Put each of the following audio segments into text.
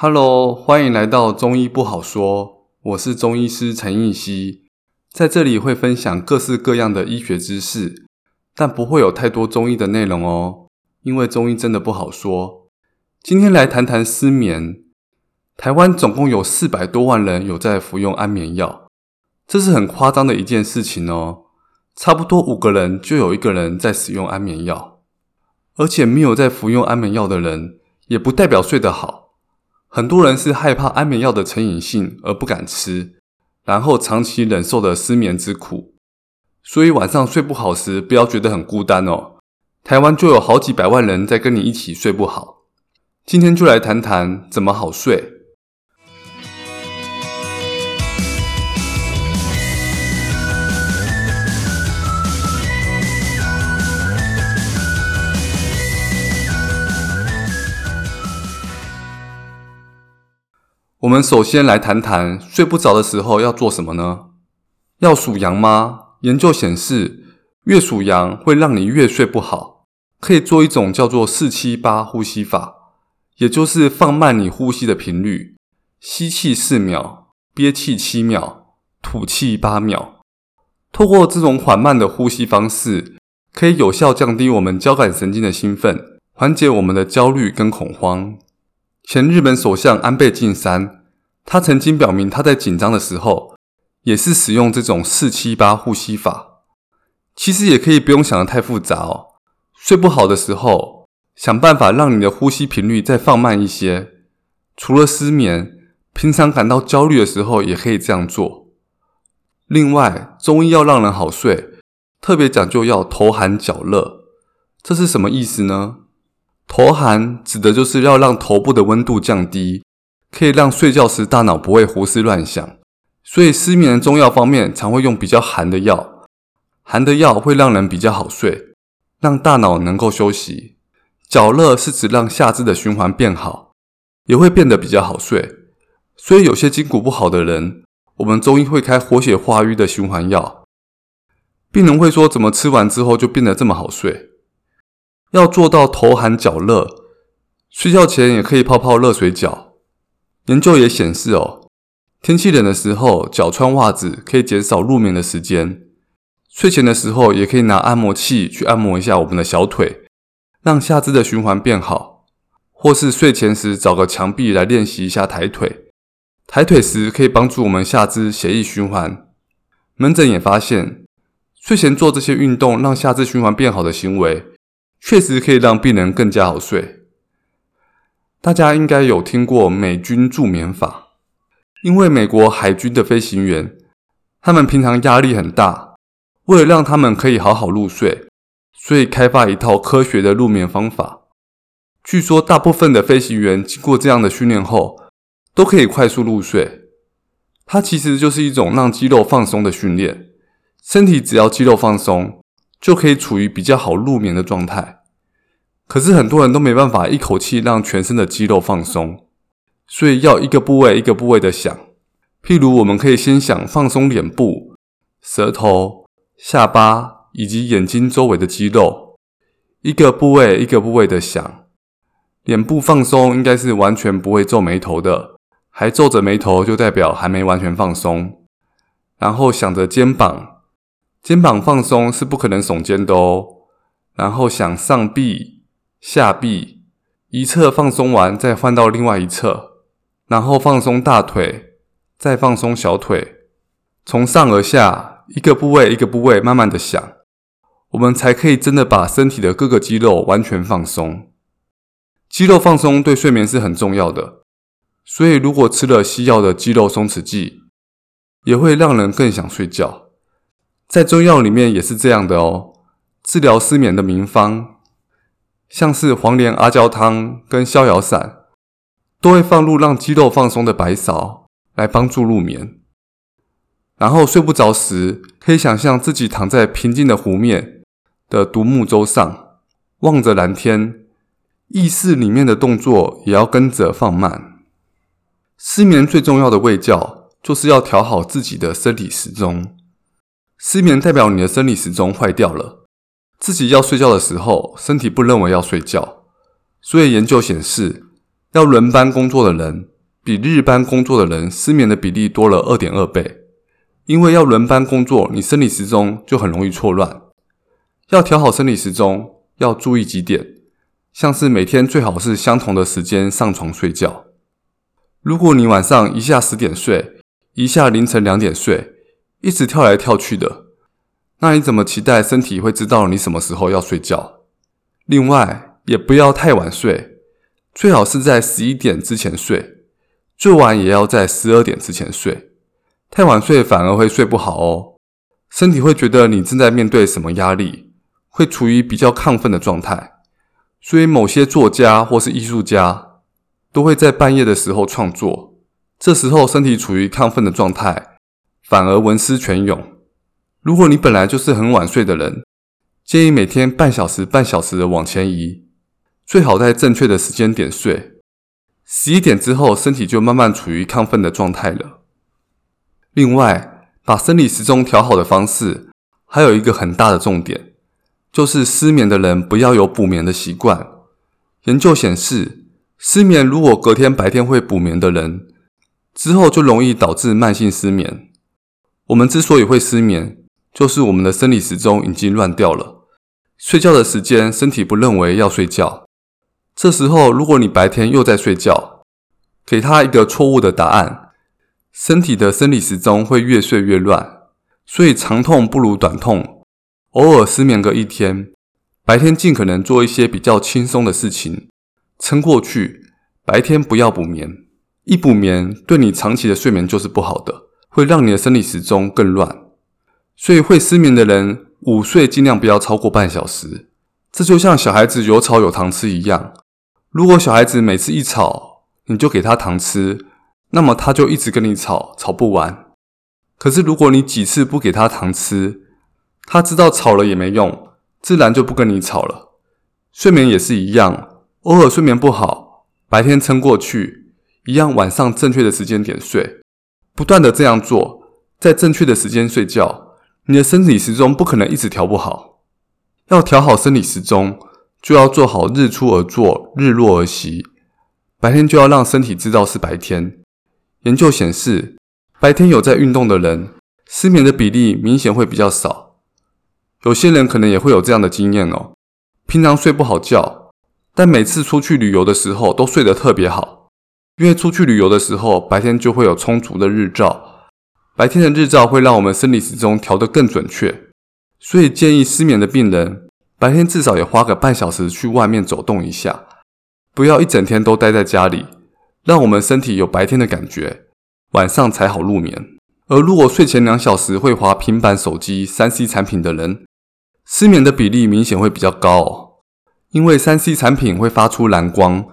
哈嘍，歡迎來到中醫不好說。我是中醫師陳映希。在這裡會分享各式各樣的醫學知識，但不會有太多中醫的內容哦，因為中醫真的不好說。今天來談談失眠。台灣總共有四百多萬人有在服用安眠藥，這是很誇張的一件事情哦。差不多五個人就有一個人在使用安眠藥，而且沒有在服用安眠藥的人，也不代表睡得好。很多人是害怕安眠藥的成癮性而不敢吃，然後長期忍受的失眠之苦。所以晚上睡不好時，不要覺得很孤單哦。台灣就有好幾百萬人在跟你一起睡不好。今天就來談談怎麼好睡。我們首先來談談睡不着的時候要做什麼呢？要數羊嗎？研究顯示，越數羊會讓你越睡不好。可以做一種叫做“四七八”呼吸法，也就是放慢你呼吸的頻率，吸氣四秒，憋氣七秒，吐氣八秒。透過這種緩慢的呼吸方式，可以有效降低我們交感神經的興奮，緩解我們的焦慮跟恐慌。前日本首相安倍晉三，他曾經表明，他在緊張的時候也是使用這種四七八呼吸法。其實也可以不用想得太複雜哦。睡不好的時候，想辦法讓你的呼吸頻率再放慢一些。除了失眠，平常感到焦慮的時候也可以這樣做。另外，中醫要讓人好睡，特別講究要頭寒腳熱，這是什麼意思呢？頭寒指的就是要讓頭部的溫度降低，可以讓睡覺時大腦不會胡思亂想，所以失眠的中藥方面，常會用比較寒的藥。寒的藥會讓人比較好睡，讓大腦能夠休息。腳熱是指讓下肢的循環變好，也會變得比較好睡。所以有些筋骨不好的人，我們中醫會開活血化瘀的循環藥。病人會說，怎麼吃完之後就變得這麼好睡？要做到頭寒腳熱，睡覺前也可以泡泡熱水腳。研究也顯示哦，天氣冷的時候，腳穿襪子可以減少入眠的時間。睡前的時候，也可以拿按摩器去按摩一下我們的小腿，讓下肢的循環變好。或是睡前時找個牆壁來練習一下抬腿。抬腿時可以幫助我們下肢血液循環。門診也發現，睡前做這些運動讓下肢循環變好的行為。確實可以讓病人更加好睡。大家應該有聽過美軍助眠法，因為美國海軍的飛行員，他們平常壓力很大，為了讓他們可以好好入睡，所以開發一套科學的入眠方法。據說大部分的飛行員經過這樣的訓練後，都可以快速入睡。它其實就是一種讓肌肉放鬆的訓練，身體只要肌肉放鬆。就可以處於比較好入眠的狀態，可是很多人都沒辦法一口氣讓全身的肌肉放鬆，所以要一個部位一個部位的想。譬如我們可以先想放鬆臉部、舌頭、下巴以及眼睛周圍的肌肉，一個部位一個部位的想。臉部放鬆應該是完全不會皺眉頭的，還皺着眉頭就代表還沒完全放鬆。然後想着肩膀。肩膀放鬆是不可能聳肩的哦。然後想上臂、下臂，一側放鬆完再換到另外一側，然後放鬆大腿，再放鬆小腿，從上而下，一個部位一個部位慢慢的想，我們才可以真的把身體的各個肌肉完全放鬆。肌肉放鬆對睡眠是很重要的，所以如果吃了西藥的肌肉鬆弛劑，也會讓人更想睡覺。在中藥裡面也是這樣的哦。治療失眠的名方，像是黃連阿膠湯跟逍遙散，都會放入讓肌肉放鬆的白芍來幫助入眠。然後睡不着時，可以想象自己躺在平靜的湖面的獨木舟上，望着藍天，意識裡面的動作也要跟着放慢。失眠最重要的衛教，就是要調好自己的身體時鐘。失眠代表你的生理時鐘壞掉了，自己要睡覺的時候，身體不認為要睡覺。所以研究顯示，要輪班工作的人比日班工作的人失眠的比例多了二點二倍。因為要輪班工作，你生理時鐘就很容易錯亂。要調好生理時鐘，要注意幾點，像是每天最好是相同的時間上床睡覺。如果你晚上一下十點睡，一下凌晨兩點睡，一直跳來跳去的，那你怎麼期待身體會知道你什麼時候要睡覺？另外，也不要太晚睡，最好是在十一點之前睡，最晚也要在十二點之前睡。太晚睡反而會睡不好哦。身體會覺得你正在面對什麼壓力，會處於比較亢奮的狀態。所以，某些作家或是藝術家都會在半夜的時候創作，這時候身體處於亢奮的狀態。反而文思泉湧。如果你本來就是很晚睡的人，建議每天半小時、半小時的往前移，最好在正確的時間點睡。十一點之後，身體就慢慢處於亢奮的狀態了。另外，把生理時鐘調好的方式，還有一個很大的重點，就是失眠的人不要有補眠的習慣。研究顯示，失眠如果隔天白天會補眠的人，之後就容易導致慢性失眠。我們之所以會失眠，就是我們的生理時鐘已經亂掉了。睡覺的時間，身體不認為要睡覺。這時候，如果你白天又在睡覺，給他一個錯誤的答案，身體的生理時鐘會越睡越亂。所以，長痛不如短痛。偶爾失眠個一天，白天儘可能做一些比較輕鬆的事情，撐過去。白天不要補眠，一補眠對你長期的睡眠就是不好的。會讓你的生理時鐘更亂，所以會失眠的人午睡盡量不要超過半小時。這就像小孩子有吵有糖吃一樣，如果小孩子每次一吵你就給他糖吃，那麼他就一直跟你吵，吵不完。可是如果你幾次不給他糖吃，他知道吵了也沒用，自然就不跟你吵了。睡眠也是一樣，偶爾睡眠不好，白天撐過去，一樣晚上正確的時間點睡。不斷的這樣做，在正確的時間睡覺，你的身體時鐘不可能一直調不好。要調好生理時鐘，就要做好日出而作，日落而息。白天就要讓身體知道是白天。研究顯示，白天有在運動的人，失眠的比例明顯會比較少。有些人可能也會有這樣的經驗哦，平常睡不好覺，但每次出去旅遊的時候都睡得特別好。因為出去旅遊的時候，白天就會有充足的日照，白天的日照會讓我們生理時鐘調得更準確，所以建議失眠的病人白天至少也花個半小時去外面走動一下，不要一整天都待在家裡，讓我們身體有白天的感覺，晚上才好入眠。而如果睡前兩小時會滑平板手機、3C 產品的人，失眠的比例明顯會比較高，哦，因為 3C 產品會發出藍光。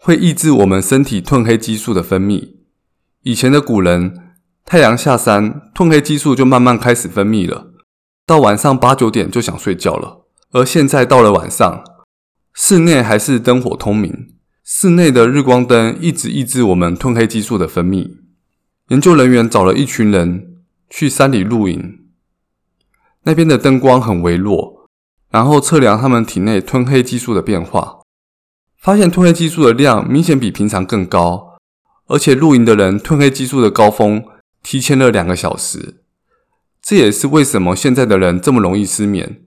會抑制我們身體褪黑激素的分泌。以前的古人，太陽下山，褪黑激素就慢慢開始分泌了，到晚上八九點就想睡覺了。而現在到了晚上，室內還是燈火通明，室內的日光燈一直抑制我們褪黑激素的分泌。研究人員找了一群人去山裡露營，那邊的燈光很微弱，然後測量他們體內褪黑激素的變化。發現褪黑激素的量明顯比平常更高，而且露營的人褪黑激素的高峰提前了兩個小時。這也是為什麼現在的人這麼容易失眠，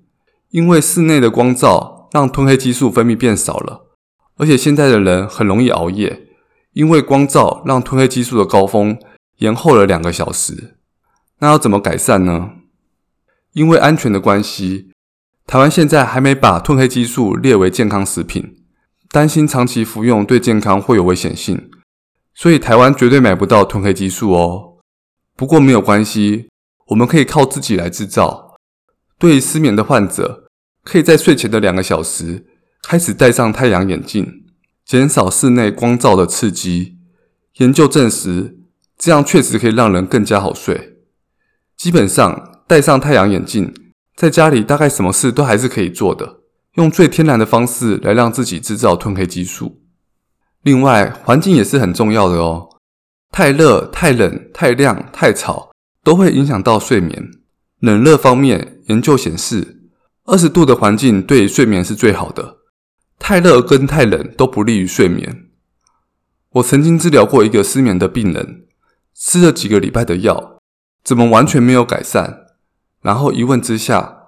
因為室內的光照讓褪黑激素分泌變少了。而且現在的人很容易熬夜，因為光照讓褪黑激素的高峰延後了兩個小時。那要怎麼改善呢？因為安全的關係，台灣現在還沒把褪黑激素列為健康食品。擔心長期服用對健康會有危險性，所以台灣絕對買不到褪黑激素哦。不過沒有關係，我們可以靠自己來製造。對於失眠的患者，可以在睡前的兩個小時開始戴上太陽眼鏡，減少室內光照的刺激。研究證實，這樣確實可以讓人更加好睡。基本上，戴上太陽眼鏡，在家裡大概什麼事都還是可以做的。用最天然的方式來讓自己製造褪黑激素。另外，環境也是很重要的哦。太熱、太冷、太亮、太吵都會影響到睡眠。冷熱方面，研究顯示，二十度的環境對睡眠是最好的。太熱跟太冷都不利於睡眠。我曾經治療過一個失眠的病人，吃了幾個禮拜的藥，怎麼完全沒有改善？然後一問之下。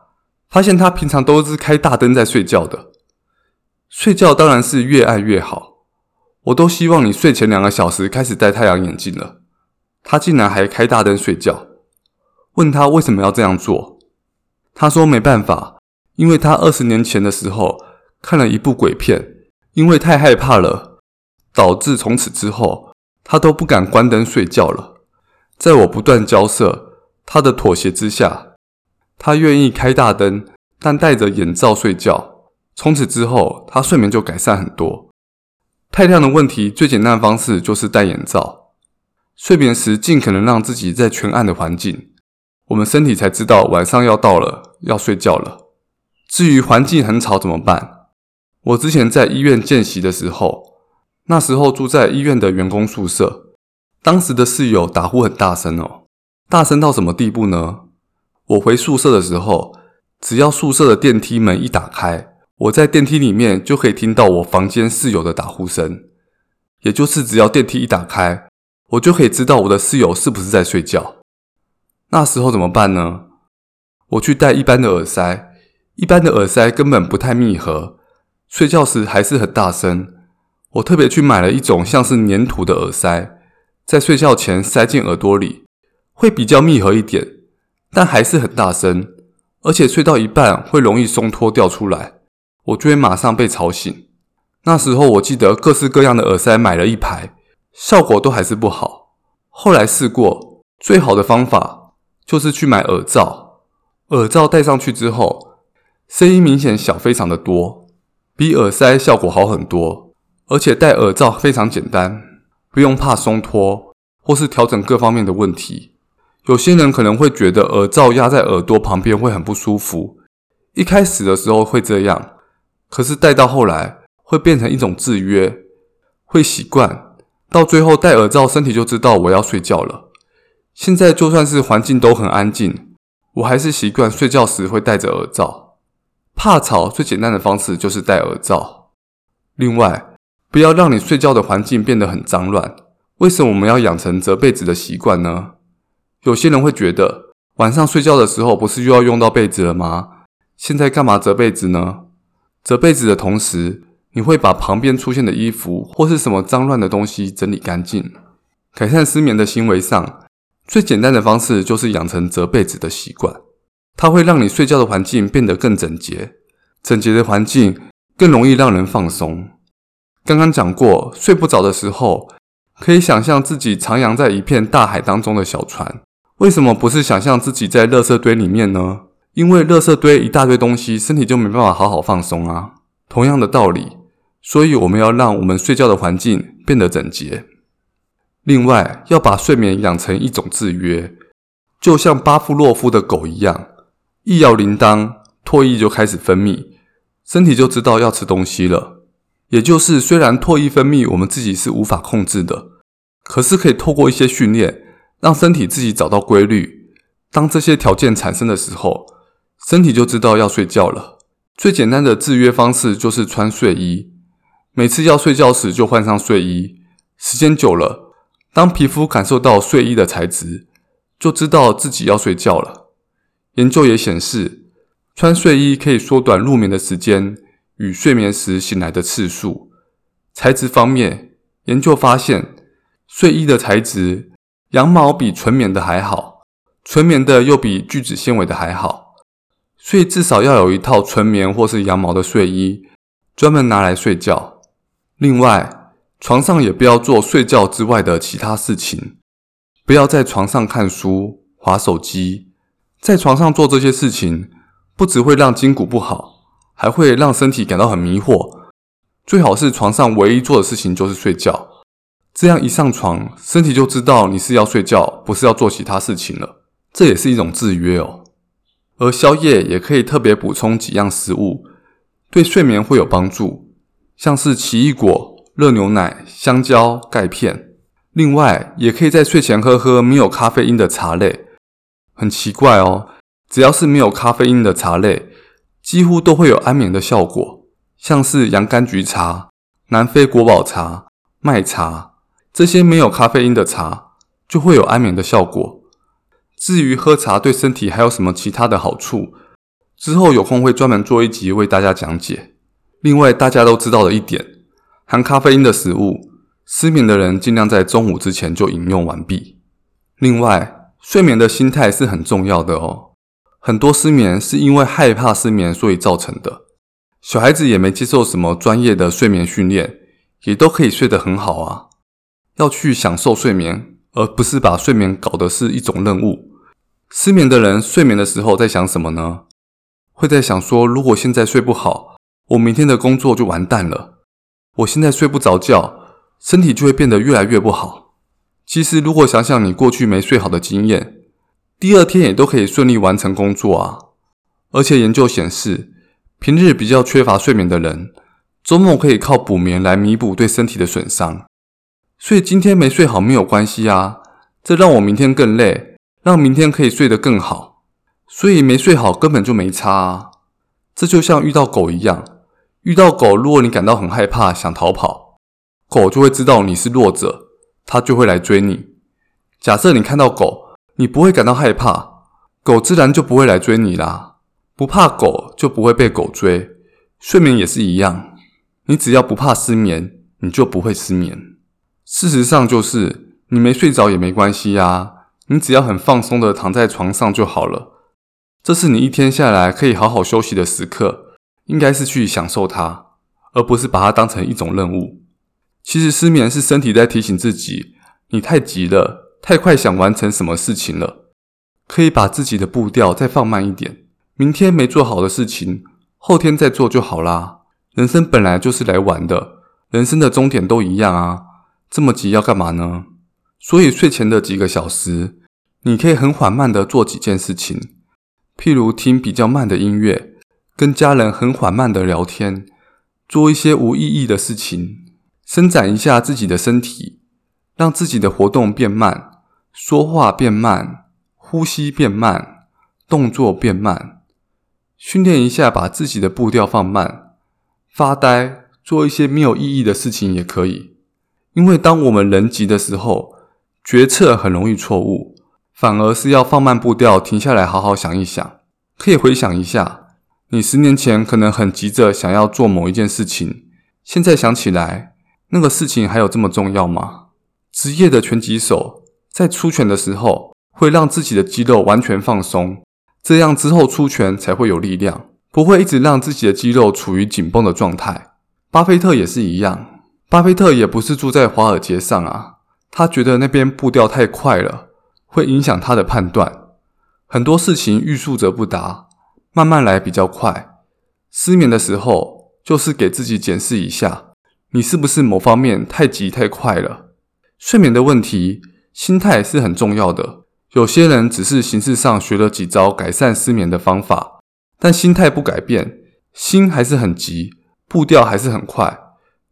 發現他平常都是開大燈在睡覺的，睡覺當然是越暗越好。我都希望你睡前兩個小時開始戴太陽眼鏡了。他竟然還開大燈睡覺？問他為什麼要這樣做？他說沒辦法，因為他二十年前的時候看了一部鬼片，因為太害怕了，導致從此之後他都不敢關燈睡覺了。在我不斷交涉他的妥協之下。他願意開大燈，但戴着眼罩睡覺。從此之後，他睡眠就改善很多。太亮的問題，最簡單的方式就是戴眼罩。睡眠時盡可能讓自己在全暗的環境，我們身體才知道晚上要到了，要睡覺了。至於環境很吵怎麼辦？我之前在醫院見習的時候，那時候住在醫院的員工宿舍，當時的室友打呼很大聲哦、喔，大聲到什麼地步呢？我回宿舍的時候，只要宿舍的電梯門一打開，我在電梯裡面就可以聽到我房間室友的打呼聲。也就是只要電梯一打開，我就可以知道我的室友是不是在睡覺。那時候怎麼辦呢？我去戴一般的耳塞，一般的耳塞根本不太密合，睡覺時還是很大聲。我特別去買了一種像是粘土的耳塞，在睡覺前塞進耳朵裡，會比較密合一點。但還是很大聲，而且吹到一半會容易鬆脫掉出來，我就會馬上被吵醒。那時候我記得各式各樣的耳塞買了一排，效果都還是不好。後來試過最好的方法就是去買耳罩，耳罩戴上去之後，聲音明顯小，非常的多，比耳塞效果好很多。而且戴耳罩非常簡單，不用怕鬆脫或是調整各方面的問題。有些人可能會覺得耳罩壓在耳朵旁邊會很不舒服，一開始的時候會這樣，可是戴到後來會變成一種制約，會習慣，到最後戴耳罩，身體就知道我要睡覺了。現在就算是環境都很安靜，我還是習慣睡覺時會戴着耳罩。怕吵最簡單的方式就是戴耳罩。另外，不要讓你睡覺的環境變得很髒亂。為什麼我們要養成折被子的習慣呢？有些人會覺得晚上睡覺的時候不是又要用到被子了嗎？現在幹嘛折被子呢？折被子的同時，你會把旁邊出現的衣服或是什麼髒亂的東西整理乾淨。改善失眠的行為上，最簡單的方式就是養成折被子的習慣。它會讓你睡覺的環境變得更整潔，整潔的環境更容易讓人放鬆。剛剛講過，睡不着的時候，可以想象自己徜徉在一片大海當中的小船。為什麼不是想象自己在垃圾堆裡面呢？因為垃圾堆一大堆東西，身體就沒辦法好好放鬆啊。同樣的道理，所以我們要讓我們睡覺的環境變得整潔。另外，要把睡眠養成一種制約，就像巴甫洛夫的狗一樣，一搖鈴鐺，唾液就開始分泌，身體就知道要吃東西了。也就是，雖然唾液分泌我們自己是無法控制的，可是可以透過一些訓練。讓身體自己找到規律。當這些條件產生的時候，身體就知道要睡覺了。最簡單的制約方式就是穿睡衣。每次要睡覺時就換上睡衣，時間久了，當皮膚感受到睡衣的材質，就知道自己要睡覺了。研究也顯示，穿睡衣可以縮短入眠的時間與睡眠時醒來的次數。材質方面，研究發現睡衣的材質。羊毛比純棉的還好，純棉的又比聚酯纖維的還好，所以至少要有一套純棉或是羊毛的睡衣，專門拿來睡覺。另外，床上也不要做睡覺之外的其他事情，不要在床上看書、滑手機。在床上做這些事情，不只會讓筋骨不好，還會讓身體感到很迷惑。最好是床上唯一做的事情就是睡覺。這樣一上床，身體就知道你是要睡覺，不是要做其他事情了。這也是一種制約哦。而宵夜也可以特別補充幾樣食物，對睡眠會有幫助，像是奇異果、熱牛奶、香蕉、鈣片。另外，也可以在睡前喝喝沒有咖啡因的茶類。很奇怪哦，只要是沒有咖啡因的茶類，幾乎都會有安眠的效果，像是洋甘菊茶、南非國寶茶、麥茶。這些沒有咖啡因的茶就會有安眠的效果。至於喝茶對身體還有什麼其他的好處，之後有空會專門做一集為大家講解。另外，大家都知道的一點，含咖啡因的食物，失眠的人儘量在中午之前就飲用完畢。另外，睡眠的心態是很重要的哦。很多失眠是因為害怕失眠所以造成的。小孩子也沒接受什麼專業的睡眠訓練，也都可以睡得很好啊。要去享受睡眠，而不是把睡眠搞得是一種任務。失眠的人睡眠的時候在想什麼呢？會在想說，如果現在睡不好，我明天的工作就完蛋了。我現在睡不着覺，身體就會變得越來越不好。其實，如果想想你過去沒睡好的經驗，第二天也都可以順利完成工作啊。而且研究顯示，平日比較缺乏睡眠的人，周末可以靠補眠來彌補對身體的損傷。所以今天沒睡好沒有關係啊，這讓我明天更累，讓明天可以睡得更好。所以沒睡好根本就沒差啊。這就像遇到狗一樣，遇到狗，如果你感到很害怕想逃跑，狗就會知道你是弱者，它就會來追你。假設你看到狗，你不會感到害怕，狗自然就不會來追你啦。不怕狗就不會被狗追，睡眠也是一樣，你只要不怕失眠，你就不會失眠。事實上就是，你沒睡着也沒關係呀，你只要很放鬆地躺在床上就好了。這是你一天下來可以好好休息的時刻，應該是去享受它，而不是把它當成一種任務。其實失眠是身體在提醒自己，你太急了，太快想完成什麼事情了，可以把自己的步調再放慢一點。明天沒做好的事情，後天再做就好啦。人生本來就是來玩的，人生的終點都一樣啊。這麼急要幹嘛呢？所以睡前的幾個小時，你可以很緩慢地做幾件事情，譬如聽比較慢的音樂，跟家人很緩慢地聊天，做一些無意義的事情，伸展一下自己的身體，讓自己的活動變慢，說話變慢，呼吸變慢，動作變慢，訓練一下把自己的步調放慢，發呆，做一些沒有意義的事情也可以。因為當我們人急的時候，決策很容易錯誤，反而是要放慢步調，停下來好好想一想。可以回想一下，你十年前可能很急着想要做某一件事情，現在想起來，那個事情還有這麼重要嗎？職業的拳擊手在出拳的時候會讓自己的肌肉完全放鬆，這樣之後出拳才會有力量，不會一直讓自己的肌肉處於緊繃的狀態。巴菲特也是一樣。巴菲特也不是住在華爾街上啊，他覺得那邊步調太快了，會影響他的判斷。很多事情欲速則不達，慢慢來比較快。失眠的時候，就是給自己檢視一下，你是不是某方面太急太快了？睡眠的問題，心態是很重要的。有些人只是形式上學了幾招改善失眠的方法，但心態不改變，心還是很急，步調還是很快。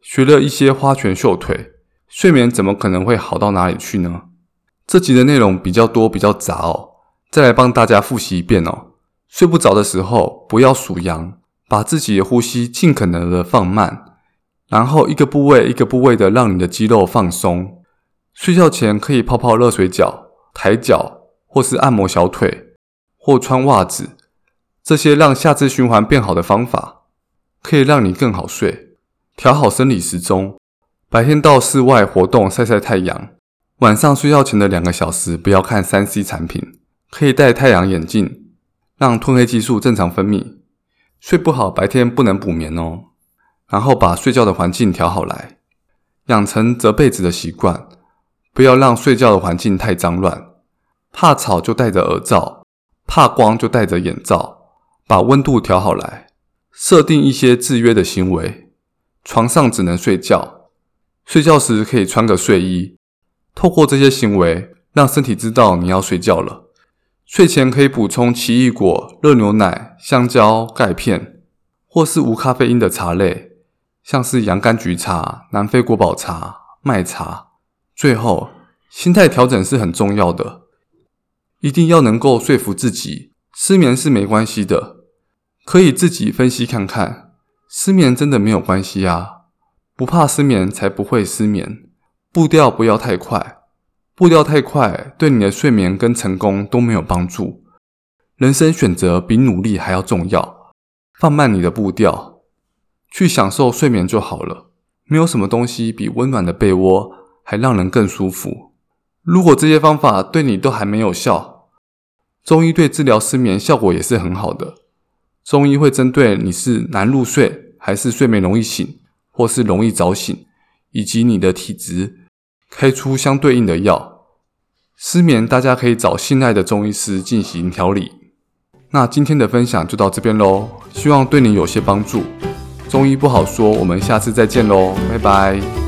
學了一些花拳繡腿，睡眠怎麼可能會好到哪裡去呢？這集的內容比較多，比較雜哦。再來幫大家複習一遍哦。睡不着的時候，不要數羊，把自己的呼吸盡可能的放慢，然後一個部位一個部位的讓你的肌肉放鬆。睡覺前可以泡泡熱水腳、抬腳，或是按摩小腿，或穿襪子，這些讓下肢循環變好的方法，可以讓你更好睡。調好生理時鐘，白天到室外活動曬晒太陽，晚上睡覺前的兩個小時不要看三 C 產品，可以戴太陽眼鏡，讓褪黑激素正常分泌。睡不好，白天不能補眠哦。然後把睡覺的環境調好來，養成折被子的習慣，不要讓睡覺的環境太髒亂。怕吵就戴着耳罩，怕光就戴着眼罩，把溫度調好來，設定一些制約的行為。床上只能睡覺，睡覺時可以穿個睡衣。透過這些行為，讓身體知道你要睡覺了。睡前可以補充奇異果、熱牛奶、香蕉、鈣片，或是無咖啡因的茶類，像是洋甘菊茶、南非國寶茶、麥茶。最後，心態調整是很重要的，一定要能夠說服自己，失眠是沒關係的，可以自己分析看看。失眠真的沒有關係啊，不怕失眠才不會失眠。步調不要太快，步調太快對你的睡眠跟成功都沒有幫助。人生選擇比努力還要重要，放慢你的步調，去享受睡眠就好了。沒有什麼東西比溫暖的被窩還讓人更舒服。如果這些方法對你都還沒有效，中醫對治療失眠效果也是很好的。中醫會針對你是難入睡。還是睡眠容易醒，或是容易早醒，以及你的體質，開出相對應的藥。失眠大家可以找信賴的中醫師進行調理。那今天的分享就到這邊嘍，希望對你有些幫助。中醫不好說，我們下次再見嘍，拜拜。